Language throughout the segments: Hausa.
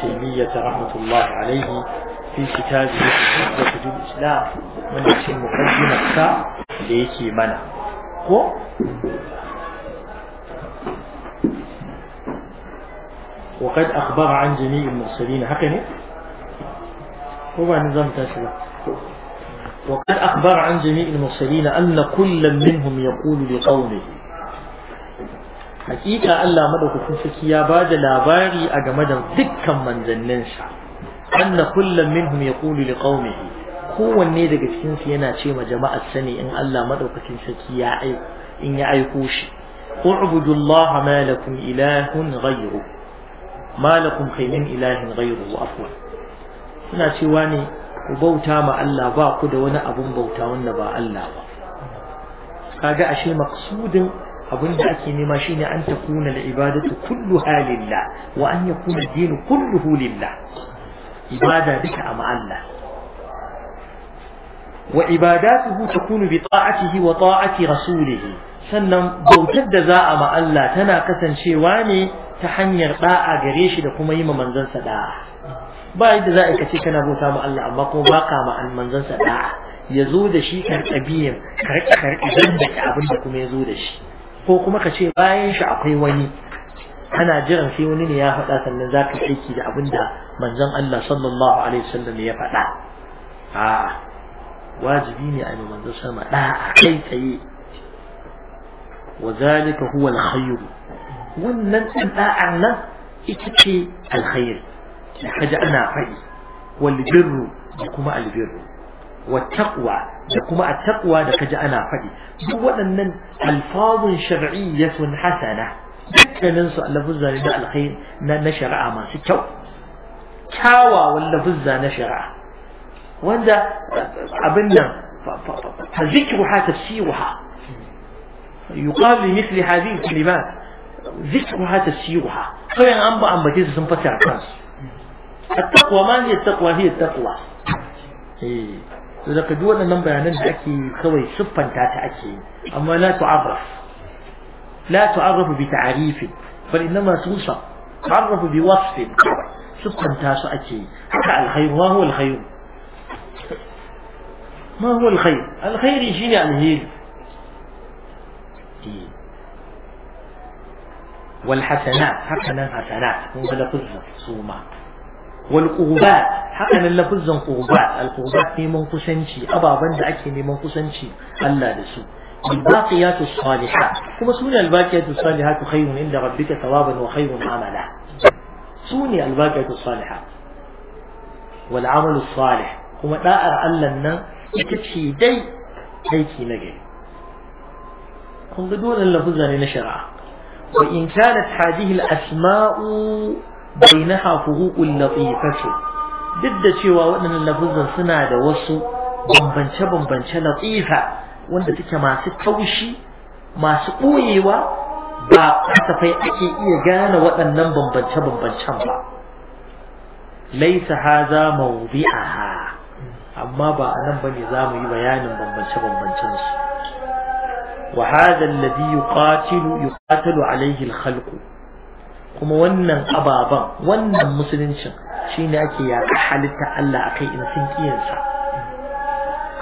تيمية رحمة الله عليه في كتابه في الإسلام من يكون مقدمة سا ليكي منع هو وقد أخبر عن جميع المرسلين حقني هو نظام تاسلا وقد أخبر عن جميع المرسلين أن كل منهم يقول لقومه hakika Allah madaukakin saki ya ba da labari a game da dukkan manzanninsa anna kullum minhum yaqulu liqaumihi kowanne daga cikin su yana ce ma jama'ar sani in Allah madaukakin saki ya aiko in ya aiko shi ubudullaha ma lakum ilahun ghayru ma lakum khaymin ilahin ghayru afwan suna cewa ne ku bauta ma Allah ba ku da wani abun bauta wanda ba Allah ba kaga ashe maqsudin abin da ake nema shi ne an takuna da ibadatu kulluha lillah wa an yakuna kuna dini kulluhu lillah ibada duka a Allah wa ibadatuhu takunu bi ta'atihi wa ta'ati rasulih sannan bautar da za a ma Allah tana kasancewa ne ta hanyar da'a gare shi da kuma yi ma manzansa da'a ba yadda za a kace kana bauta ma Allah amma kuma baka ma manzansa da'a ya zo da shi karɓa biyan karɓa karɓa da abin da kuma ya zo da shi ko kuma ka ce bayan shi akwai wani ana jiran sai wani ne ya faɗa sannan za ka aiki da abin da manzon Allah sallallahu alaihi wasallam ya faɗa a wajibi ne a yi manzon sama a kai tsaye wa zalika huwa alkhayr wannan ɗa'an nan ita ce alkhayr kaji ana faɗi wal birru da kuma albirru wa taqwa da kuma a taqwa da kaji ana faɗi duk waɗannan alfazun shar'iyyatun hasana dukkanin su lafuzza ne da alkhair na na shari'a masu kyau kyawawan lafuzza na shari'a wanda abin nan fa zikruha tafsiruha yuqal li mithli hadhihi kalimat zikruha tafsiruha kawai an ba ambace su sun fasara kansu التقوى ما هي التقوى هي التقوى to da ka duk waɗannan bayanan da ake kawai siffanta ta ake yi amma la tu'arraf la tu'arraf bi ta'rif bal inma tusa tu'arraf bi wasf siffanta su ake yi haka alkhayr ma huwa alkhayr ma huwa alkhayr alkhairi shine alheri والحسنات حسنا حسنات من بلغ الصومات والقباء حقنا اللفظ قباء القباء في منقسنشي أبا بند أكي في منقسنشي ألا دسو الباقيات الصالحات كما سوني الباقيات الصالحات خير عند ربك ثوابا وخير عملا سوني الباقيات الصالحات والعمل الصالح كما لا أعلى أن تكفي دي هيكي نجي كنت دون اللفظة لنشرع وإن كانت هذه الأسماء bainaha fuhuqul latifatu duk da cewa waɗannan lafuzan suna da wasu bambance-bambance latifa wanda suke masu taushi masu ɓoyewa ba kasafai ake iya gane waɗannan bambance-bambancen ba laisa haza mawdi'aha amma ba anan bane mu yi bayanin bambance-bambancen su wa hadha alladhi yuqatilu yuqatalu alayhi kuma wannan ababan wannan musuluncin shine ake ya halitta Allah akai in sun kiyansa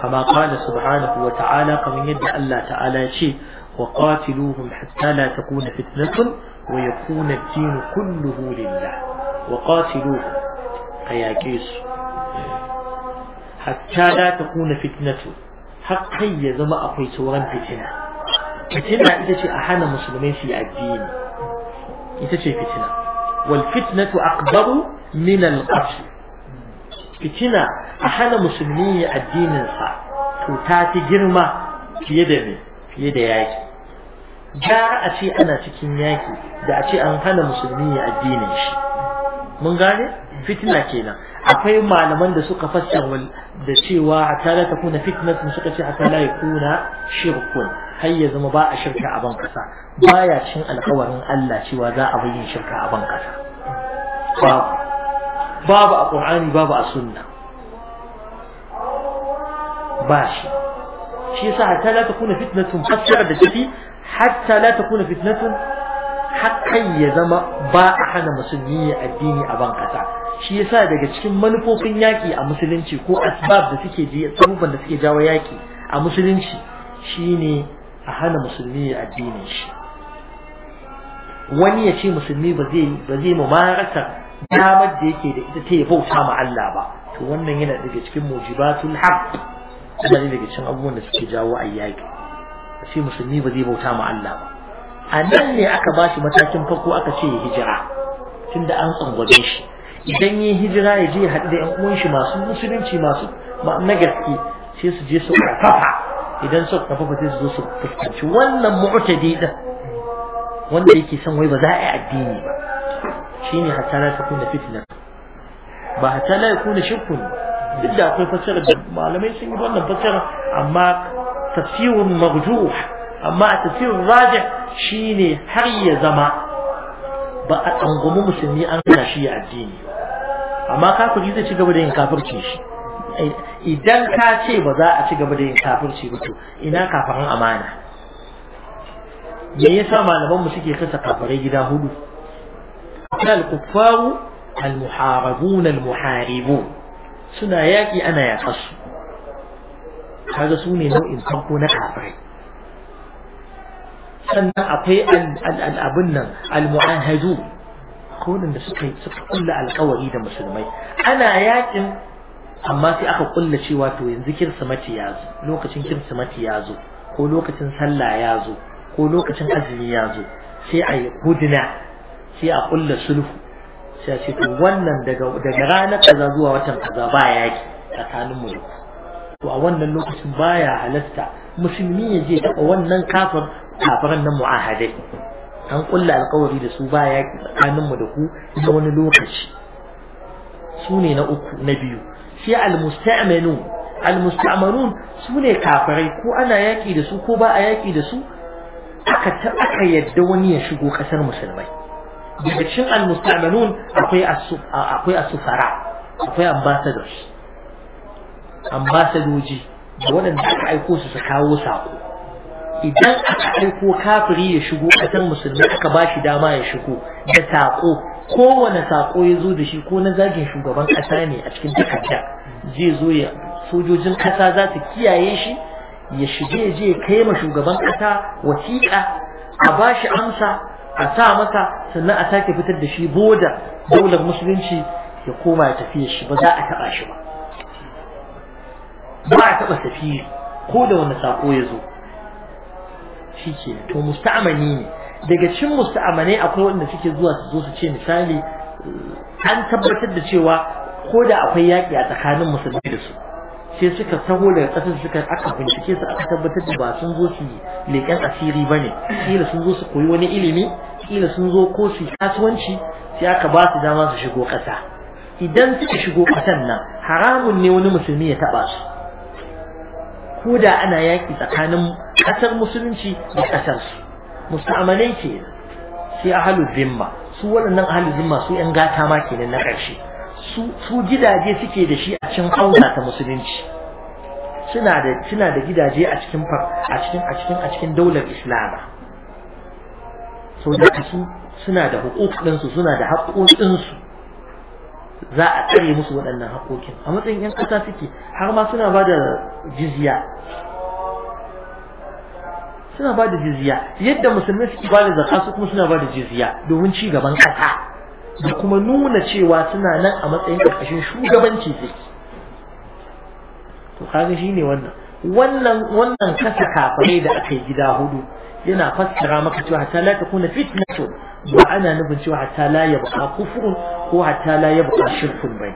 kama qala subhanahu wa ta'ala kamar yadda Allah ta'ala ya ce wa qatiluhum hatta la takuna fitnatun wa yakuna ad-din kulluhu lillah wa qatiluhum kayake hatta la takuna fitnatun har ya zama akwai sauran fitina fitina ita ce a hana musulmai su yi addini ita ce fitina wal fitnatu akbaru min al fitina a hana musulmi ya addininsa, to ta fi girma fiye da fiye da yaki Gyara a ce ana cikin yaki da a ce an hana musulmi ya addinin shi mun gane fitina kenan akwai malaman da suka fassara da cewa hatta la takuna fitnatun suka ce tare ya kuna shirkun har ya zama ba a shirka a ban kasa baya cin alkawarin Allah cewa za a bayyana shirka a ban kasa babu babu a Qur'ani babu a sunna ba shi shi yasa hatta la takuna fitnatun fassara da shi hatta la takuna fitnatun hakan ya zama ba a hana musulmi ya addini a ban kasa shi yasa daga cikin manufofin yaki a musulunci ko asbab da suke je sabubban da suke jawo yaki a musulunci shine a hana musulmi ya addinin shi wani ya ce musulmi ba zai ba damar da yake da ita ta ya bauta ma Allah ba to wannan yana daga cikin mujibatul haqq kuma ne daga cikin abubuwan da suke jawo A shi musulmi ba zai bauta ma Allah ba a nan ne aka ba shi matakin farko aka ce ya hijira tunda an tsangwame shi idan ya hijira ya je ya haɗu da 'yan uwan shi masu musulunci masu na gaske sai su je su ƙarfafa idan so kafa ba su zo su fuskanci wannan mu'tadi da wanda yake son wai ba za a yi addini ba shine hatta la takuna fitna ba hatta la yakuna shirkun duk da akwai fasara da malamai sun yi wannan fasara amma tafsirun marjuh amma a tafsirin rajih shine har ya zama ba a tsangwami musulmi an hana ya addini amma kafiri zai ci gaba da yin kafircin shi idan ka ce ba za a ci gaba da yin kafirci ba to ina kafarin amana me yasa malaman mu suke kasa kafirai gida hudu kal kufaru al muharabun al muharibun suna yaki ana kasu kaga sune ne nau'in farko na kafirai sannan akwai abun nan al-mu'ahadu ko da suka suka kulla alkawari da musulmai ana yakin amma sai aka kulla cewa to yanzu kirsimati ya zo lokacin kirsimati ya zo ko lokacin sallah ya zo ko lokacin azumi ya zo sai a yi hudina sai a kulla sulhu sai a ce to wannan daga daga ranar kaza zuwa watan kaza ba yaki tsakanin mu to a wannan lokacin baya halatta musulmi ya je taɓa wannan kafir kafiran nan mu'ahadai an kulla alkawari da su ba yaki tsakanin mu da ku na wani lokaci su ne na uku na biyu sai almusta'minun almusta'minun su ne kafirai ko ana yaki da su ko ba a yaki da su aka aka yadda wani ya shigo kasar musulmai daga cikin almusta'minun akwai akwai asufara akwai ambassadors ambasadoji da waɗanda aka aiko su su kawo sako idan aka aiko kafiri ya shigo a ƙasar musulmi aka ba shi dama ya shigo da saƙo kowane saƙo ya zo da shi ko na zagin shugaban ƙasa ne a cikin takarda zai zo ya sojojin ƙasa za su kiyaye shi ya shige je kai ma shugaban ƙasa wasiƙa a ba shi amsa a sa masa sannan a sake fitar da shi boda daular musulunci ya koma ya tafiya shi ba za a taɓa shi ba ba a taɓa safiri ko da wani saƙo ya zo shi ke to musta'amani ne daga cin musta'amani akwai wanda suke zuwa su zo su ce misali an tabbatar da cewa ko da akwai yaƙi a tsakanin musulmi da su sai suka taho daga ƙasar suka aka bincike su aka tabbatar da ba sun zo su leƙen asiri ba ne kila sun zo su koyi wani ilimi kila sun zo ko su kasuwanci sai aka ba su dama su shigo ƙasa idan suka shigo ƙasan nan haramun ne wani musulmi ya taɓa su ko ana yaki tsakanin ƙasar musulunci da ƙasar su musta'amalai ke sai ahalu zimma su waɗannan ahalu zimma su yan gata ma kenan na ƙarshe su gidaje suke da shi a cikin auna ta musulunci suna da suna da gidaje a cikin a cikin a cikin a cikin daular islama so da su suna da hukuk ɗinsu suna da su za a tsare musu waɗannan haƙoƙin a matsayin 'yan ƙasa suke har ma suna ba da jizya suna ba da jizya yadda musulmi suke ba da zakka kuma suna ba da jizya domin ci gaban ƙasa da kuma nuna cewa suna nan a matsayin ƙarƙashin shugabanci suke to kaga ne wannan wannan wannan kasa kafare da aka yi gida hudu yana fassara maka cewa hatta la takuna fitnatu ba ana nufin cewa hatta la yabqa kufrun ko hatta la yabqa shirkun bai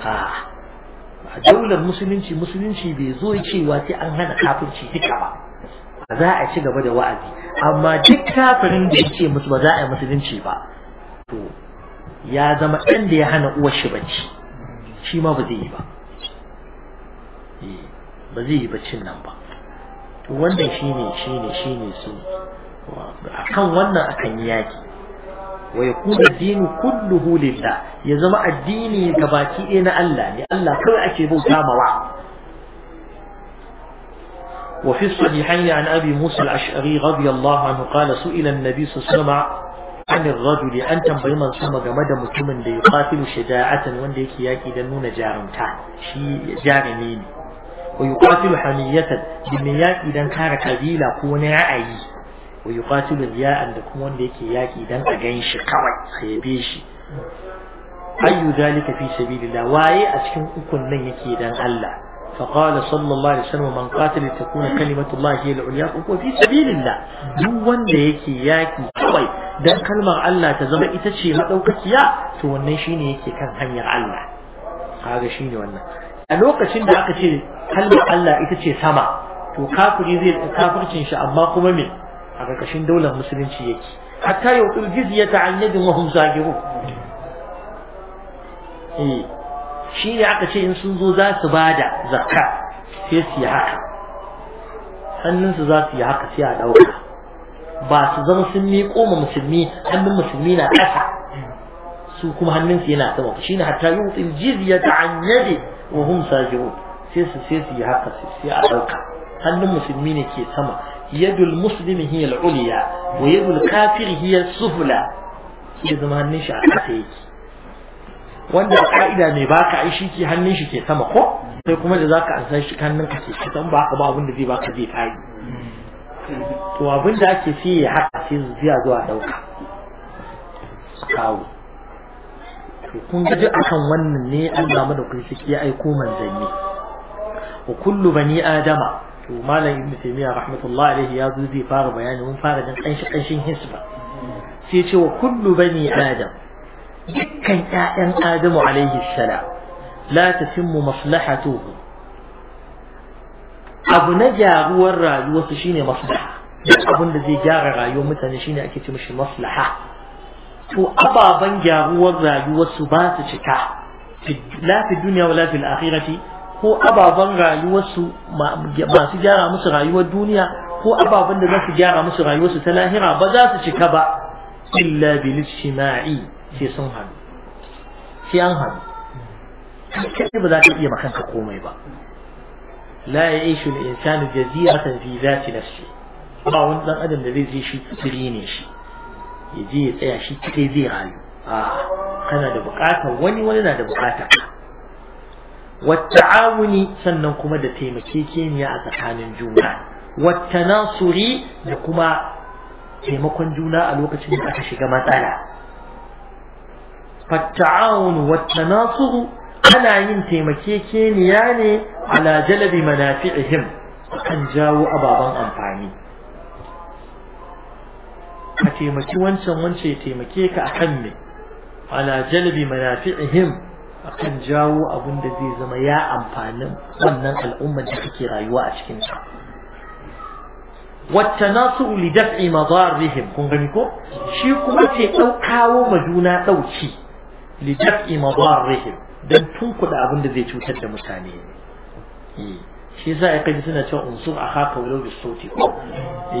a a daular musulunci musulunci bai zo cewa sai an hana kafirci duka ba za a ci gaba da wa'azi amma duk kafirin da yake musu ba za a yi musulunci ba to ya zama ɗan da ya hana uwar shi bacci shi ma ba zai yi ba eh, ba zai yi baccin nan ba to wannan shine shine shine su kan wannan akan yi yaki ويكون الدين كله لله يا زما الدين كباكي الله لله كل أشي بو وفي الصحيحين عن أبي موسى الأشعري رضي الله عنه قال سئل النبي صلى الله عليه وسلم عن الرجل أن تنبغي من سمى جمد متمن ليقاتل شجاعة وندي كياكي دنون جارمتا شي جارمين ويقاتل حمية بمياك إذا كان كبيلة كون عأي wa yuqatilu riya'an da kuma wanda yake yaki dan a gan shi kawai a yabe shi ayyu zalika fi sabilillah waye a cikin ukun nan yake dan Allah فقال صلى الله عليه وسلم من قاتل تكون كلمة الله هي العليا فهو في سبيل duk wanda yake yaki kawai dan kalmar Allah ta zama ita ce madaukakiya to wannan shine yake kan hanyar Allah kaga shine wannan a lokacin da aka ce kalmar Allah ita ce sama to kafiri zai kafircin shi amma kuma me a ƙarƙashin daular musulunci yake hatta yau jizya ta an yadin zagiru eh, shi ne aka ce in sun zo za su ba da zakka sai su yi haka hannunsu za su yi haka sai a ɗauka ba su zama sun miƙo koma musulmi hannun musulmi na ƙasa su kuma hannunsu yana sama shi ne hatta yau jizya ta an yadin zagiru sai su sai su yi haka sai a ɗauka hannun musulmi ne ke sama yadul Muslim hiya uliya wa yadul kafir hiya sufla sai zama hannun shi a ƙasa yake wanda ka'ida mai baka ai shi ke hannun shi ke sama ko sai kuma da zaka ansa shi hannun ka ke san ba ka ba abin da zai baka zai fadi to abin da ake fiye ya haka sai zuciya zuwa dauka kawo to kun ga akan wannan ne Allah madaukakin shi ya aiko manzanni wa kullu bani adama to malam ibnu taymiya rahmatullahi alaihi ya zo zai fara bayani mun fara jin kanshi kanshin hisba sai ce wa kullu bani adam dukkan ƴaƴan adamu alaihi salam la tatimmu maslahatuhu abu na gyaruwar rayuwarsu shine maslaha abin da zai gyara rayuwar mutane shine ake ce mishi maslaha to ababen gyaruwar rayuwarsu ba su cika la fi duniya wala fil akhirati ko ababen rayuwarsu masu gyara musu rayuwar duniya ko ababen da za su gyara musu rayuwarsu ta lahira ba za su cika ba illa bil shima'i sai sun hannu sai an hannu kai ba za ka iya makanka komai ba la ya ishu al insanu jaziratan fi zati nafsi ba wani dan adam da zai je shi tsiri ne shi ya je ya tsaya shi kai zai rayu a kana da bukatar wani wani na da bukatar والتعاون سنن كما دا تيمكيكينيا أتحان جونا والتناصري da kuma taimakon juna a lokacin da aka shiga matsala fatta'awun wata nasuru ana yin taimakekeniya ne ala kan jawo ababen amfani A taimaki wancan wance ya taimake ka akan ne ala jalabi akan jawo abin da zai zama ya amfanin wannan al'ummar da kake rayuwa a cikin Wata ta والتناصر لدفع مضارهم kun gani ko shi kuma ce daukawo ma juna dauki lidaf'i madarrihim dan tunkuda abin da zai cutar da mutane ne shi yasa ai kaji suna cewa unsur akhaka walau bisauti Soti, e,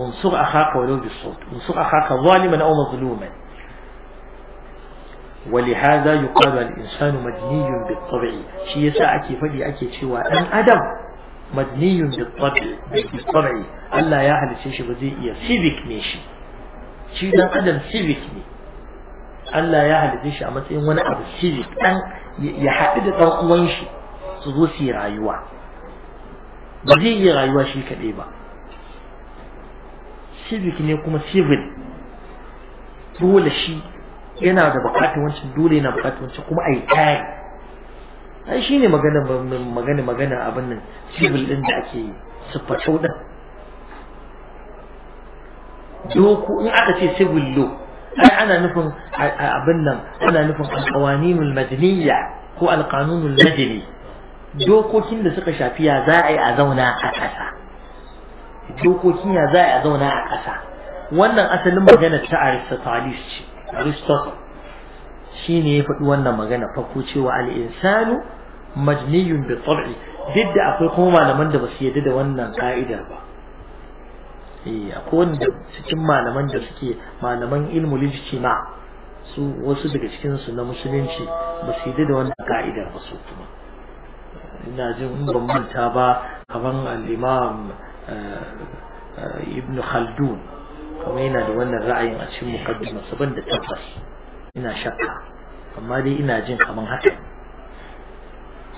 unsur akhaka walau bisauti unsur akhaka zaliman aw mazluman ولهذا يقال الإنسان مدني بالطبع شيء ساعة فلي أكي شوى أن أدم مدني بالطبع بالطبع ألا يا أهل الشيش بزي إيا سيبك نيشي شيء دان أدم سيبك ني ألا يا أهل الشيش أما وانا أبو سيبك أن يحقد دان أوانشي سوزو سي رايوا بزي إيا رايوا شيء كبيبا سيبك نيكم كما تقول الشيء yana da bukatar wancan dole yana bukatar wancan kuma a yi ƙari ai shi ne magana magana abin nan civil ɗin da ake siffa ɗin doku in aka ce civil law ai ana nufin abin nan ana nufin alƙawaninul madaniyya ko alƙanunul madani dokokin da suka shafi ya za a yi a zauna a ƙasa dokokin ya za a yi a zauna a ƙasa wannan asalin magana ta aristotelis ce aristotle shi ne ya faɗi wannan magana farko cewa al'insanu majniyun da tsar'i duk da akwai kuma malaman da ba su yadda da wannan ka'idar ba eh, akwai wanda cikin malaman da suke malaman ilmu ma su wasu daga cikinsu na musulunci ba su yadda da wannan ka'idar ba su kuma ina jin in ban manta ba kamar alimam eh, eh, ibn khaldun kuma yana da wannan ra'ayin a cikin mukaddima saban da tabbas ina shakka amma dai ina jin kaman haka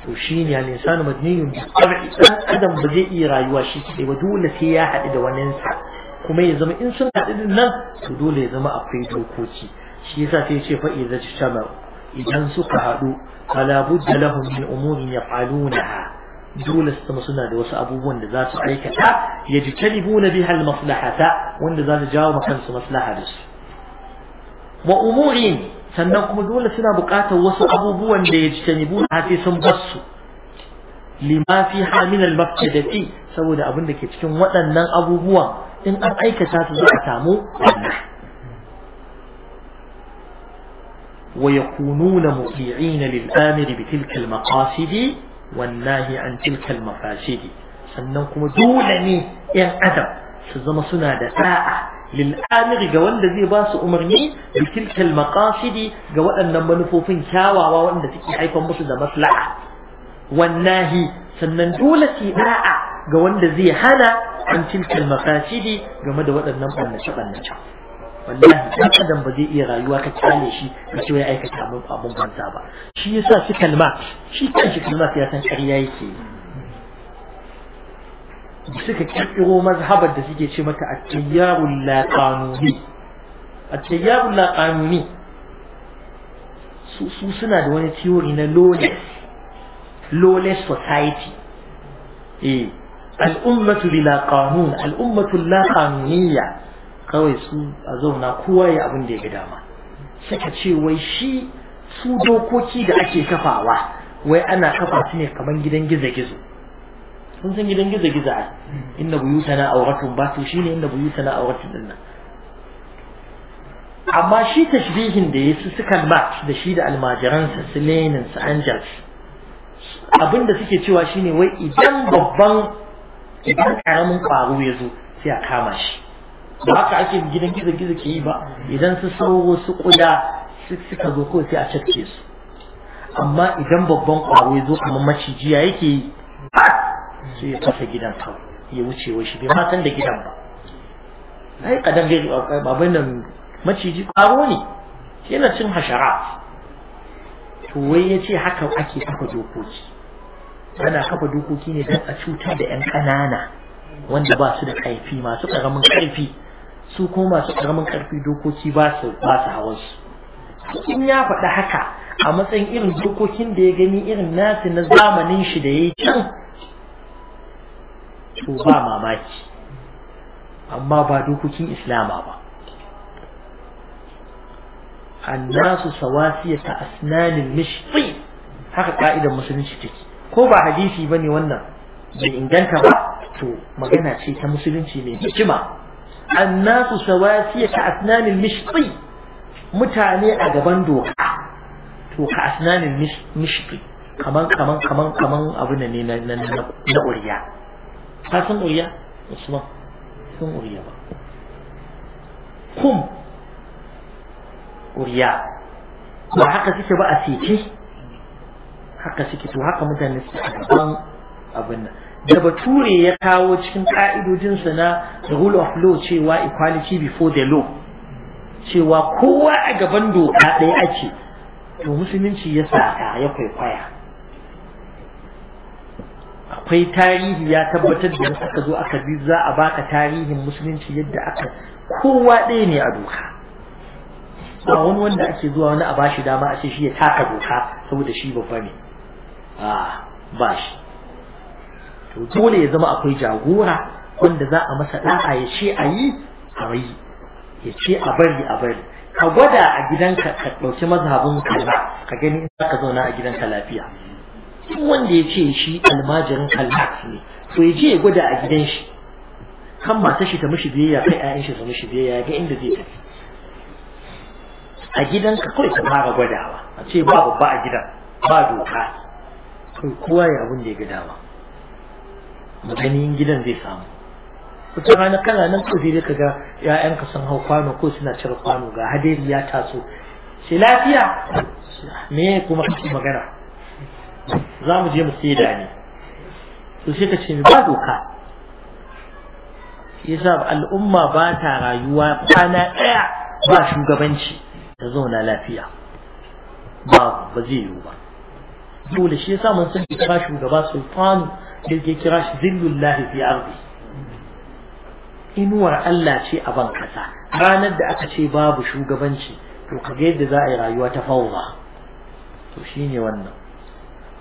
to shine ya insanu madniyun bi tab'i adam ba zai iya rayuwa shi sai ba dole sai ya haɗu da wani sa kuma ya zama in sun haɗu din nan to dole ya zama akwai dokoki shi yasa sai ya ce fa idza tajtama idan suka haɗu fala budda lahum min umurin yaf'alunaha دون استمصنا بوسع أبوه أن ذات عليك تا يجتنبون بها المصلحة تا وأن ذات جاو مخلص مصلحة بس وأمورين سنقوم دول سنا بقاته وسع أبوه يجتنبون هاتي سنبس لما فيها من المفتدة سوى دا أبن لك يتكلم وأن أبوه إن أبعيك تاتي زعتامو ويكونون مطيعين للآمر بتلك المقاصد wallahi an tilkal mafashidi sannan kuma dole ne yan adam su zama suna da ɗa'a lil'amir ga wanda zai ba su umarni da tilkal maqasidi ga waɗannan manufofin kyawawa wanda suke haifar musu da maslaha wannahi sannan dole su ga wanda zai hana an tilkal maqasidi game da waɗannan ɓannace-ɓannace wallahi dan adam ba zai iya rayuwa ka kyale shi ka ce ya aikata abin abin banza ba shi yasa shi kalma shi kan kanshi kalma ya san ƙarya yake suka kirkiro mazhabar da suke ce mata at-tayyarul la qanuni at-tayyarul la qanuni su suna da wani theory na lawless lawless society eh al-ummatu bila qanun al-ummatu la qanuniyya kawai su a zauna kowa ya abin da ya ga dama saka ce wai shi su dokoki da ake kafawa wai ana kafa su ne kamar gidan gizo-gizo sun san gidan gizo-gizo a inda buyuta na wakatun ba to ne inda buyuta na auratun din nan amma shi tashbihin da ya su suka ba da shi da almajiransa su lenin su anjar da suke cewa shi ne wai idan babban idan karamin kwaro ya zo sai a kama shi ba haka ake gidan gizo gizo ke yi ba idan su sauro su kuda suka zo kawai sai a cakke su amma idan babban kwaro ya zo kamar macijiya yake yi sai ya fasa gidan ka ya wuce shi bai san da gidan ba ai kadan gai babban nan maciji kwaro ne yana cin hashara to wai ya ce haka ake kafa dokoki ana kafa dokoki ne don a cutar da 'yan ƙanana wanda ba su da kaifi masu ƙaramin kaifi su ko masu karamin karfi dokoki ba su ba su hawan su in ya faɗi haka a matsayin irin dokokin da ya gani irin nasu na zamanin shi da ya yi can to ba mamaki amma ba dokokin islama ba annasu ta asnanin mishfi haka ka'idar musulunci take ko ba hadisi ne wannan bai inganta ba to magana ce ta musulunci mai hikima annasu sawasiya ka asnanil mishqi mutane a gaban doka to ka asnanil mishqi kaman kaman kaman kaman abu ne na na na uriya ka san uriya usman san uriya ba kum uriya ba haka suke ba a sike haka suke to haka mutane suke a gaban abin nan da bature ya kawo cikin ƙa'idodinsa na the rule of law cewa equality before the law cewa kowa a gaban doka ɗaya ake to musulunci ya saka ya kwaikwaya akwai tarihi ya tabbatar da aka zo aka bi za a baka tarihin musulunci yadda aka kowa ɗaya ne a doka ba wani wanda ake zuwa wani a bashi dama a ce shi ya taka doka saboda shi babba ne a ah, bashi to dole ya zama akwai jagora wanda za a masa da'a ya ce a yi a yi ya ce a bari a bari ka gwada a gidanka ka ɗauki mazhabin kalma ka gani in ka zauna a gidanka lafiya duk wanda ya ce shi almajirin kalmat ne to ya je ya gwada a gidan shi kan matar shi ta mishi biyayya kai ƴaƴan shi ta mishi biyayya ga inda zai tafi a gidanka kawai ka fara gwadawa a ce ba babba a gidan ba doka kai kowa ya abin da ya ga dama ainihin gidan zai samu wata rana kana nan ko zai ka ga ƴaƴanka sun hau kwano ko suna cire kwano ga hadari ya taso shi lafiya me kuma kake magana za mu je mu sai da ne to shi ka ce ba doka yasa al'umma ba ta rayuwa kwana ɗaya ba shugabanci ta zauna lafiya ba ba zai yiwu ba dole shi yasa mun san ba shugaba sultanu ya kira shi zillullahi fi ardi inuwar Allah ce a ban kasa ranar da aka ce babu shugabanci to kaga yadda za a yi rayuwa ta fawwa to shine wannan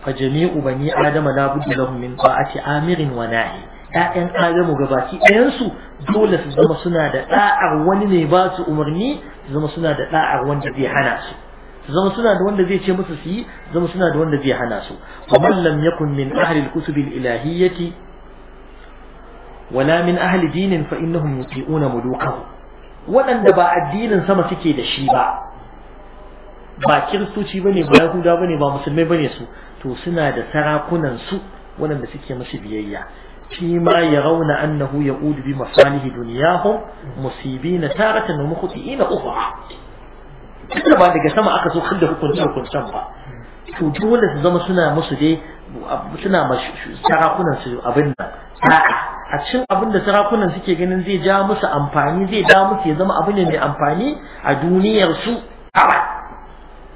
fa jami'u bani adama la budda lahum min ta'ati amirin wa nahi ƴaƴan adamu gabaki ɗayan su dole su zama suna da da'ar wani ne ba su umarni su zama suna da da'ar wanda zai hana su zama suna da wanda zai ce musu su yi zama suna da wanda zai hana su wa man lam yakun min ahli al-kutub al-ilahiyyati wala min ahli dinin fa innahum yuti'una mulukahu waɗanda ba addinin sama suke da shi ba ba kiristoci bane ba yahuda bane ba musulmai bane su to suna da sarakunan su waɗanda suke musu biyayya فيما يرون أنه يقود بمصالح دنياهم مصيبين تارة ومخطئين أخرى tunda ba daga sama aka so kan da hukunci hukuncen ba to dole su zama suna musu dai suna sarakunan su abin nan a cikin abin da sarakunan suke ganin zai ja musu amfani zai da musu ya zama abu ne mai amfani a duniyar su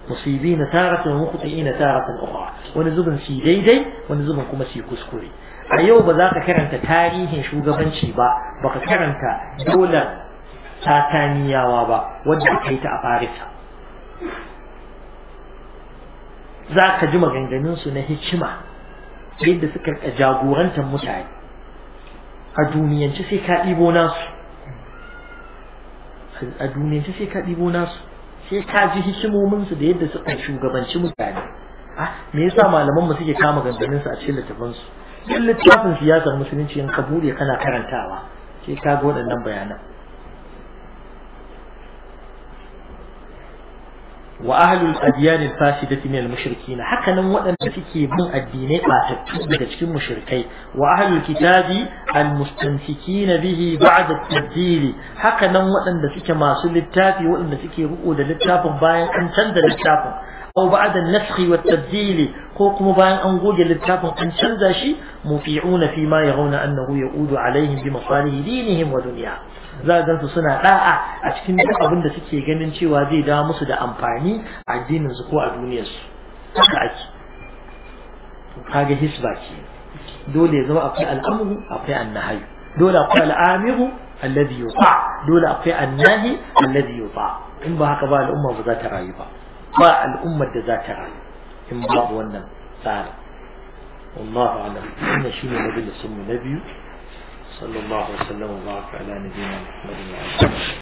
musibi na taratun hukutu'i na taratun uwa wani zubin si daidai wani zubin kuma si kuskure a yau ba za ka karanta tarihin shugabanci ba baka karanta dole tataniyawa ba wadda aka yi ta a farisa za ka ji maganganunsu na hikima yadda suka jagorantar mutane a duniyance sai ka ɗibo nasu a duniyance sai ka ɗibo nasu sai ka ji hikimominsu da yadda suka shugabanci mutane ah, me yasa malaman mu suke kama ganganinsu a cikin su? Idan littafin siyasar musulunci in ka kana karantawa sai ka ga waɗannan bayanan wa ahlul adyan al-fasidati min al-mushrikin hakanan waɗanda suke bin addinai batattu daga cikin mushrikai wa ahlul kitabi al bihi ba'da at-tabdil hakanan waɗanda suke masu littafi waɗanda suke riko da littafin bayan an canza littafin aw ba'da an-nasakh wa at-tabdil ko kuma bayan an goge littafin an canza shi mufi'una fi ma yarawna annahu ya'udu alaihim bi masalih dinihim wa dunyahum za a su suna da'a a cikin duk abin da suke ganin cewa zai dawo musu da amfani a addinin su ko a duniyarsu. su haka ake kaga hisba ke. dole ya zama akwai al'amru akwai annahayu dole akwai al'amiru alladhi yuta dole akwai annahi alladhi yuta in ba haka ba al'umma ba za ta rayu ba ba al'ummar da za ta rayu in babu wannan tsarin والله أعلم na شيء مجلس من نبيه صلى الله وسلم وبارك على نبينا محمد وعلى